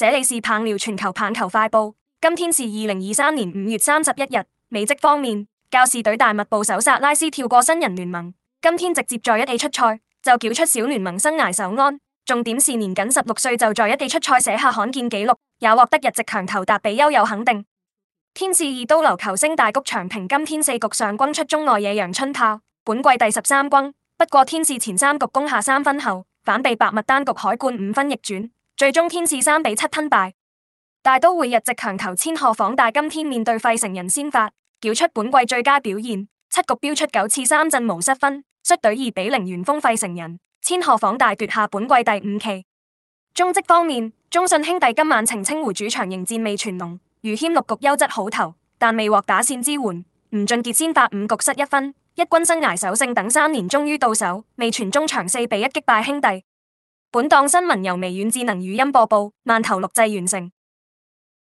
這裏是棒聊全球棒球快報，今天是二零二三年五月三十一日。美職方面，教士隊大物捕手薩拉斯跳過新人聯盟，今天直接在一地出賽就繳出小聯盟生涯首安，重點是年僅十六歲就在一地出賽寫下罕見紀錄，也獲得日職強投達比優有肯定。天使二刀流球星大谷翔平今天四局上轟出中外野陽春炮，本季第十三轟。不過天使前三局攻下三分後，反被白襪單局海冠五分逆轉。最終天使三比七吞敗，大都會日籍強投千賀滉大今天面對費城人先發，繳出本季最佳表現，七局飆出九次三振無失分，率隊二比零完封費城人，千賀滉大奪下本季第五期。中職方面，中信兄弟今晚澄清湖主場迎戰味全龍，余謙六局優質好投，但未獲打線支援，吳俊傑先發五局失一分，一軍生涯首勝等三年終於到手，味全中場四比一擊敗兄弟。本檔新聞由微軟智能語音播報，萬頭錄製完成。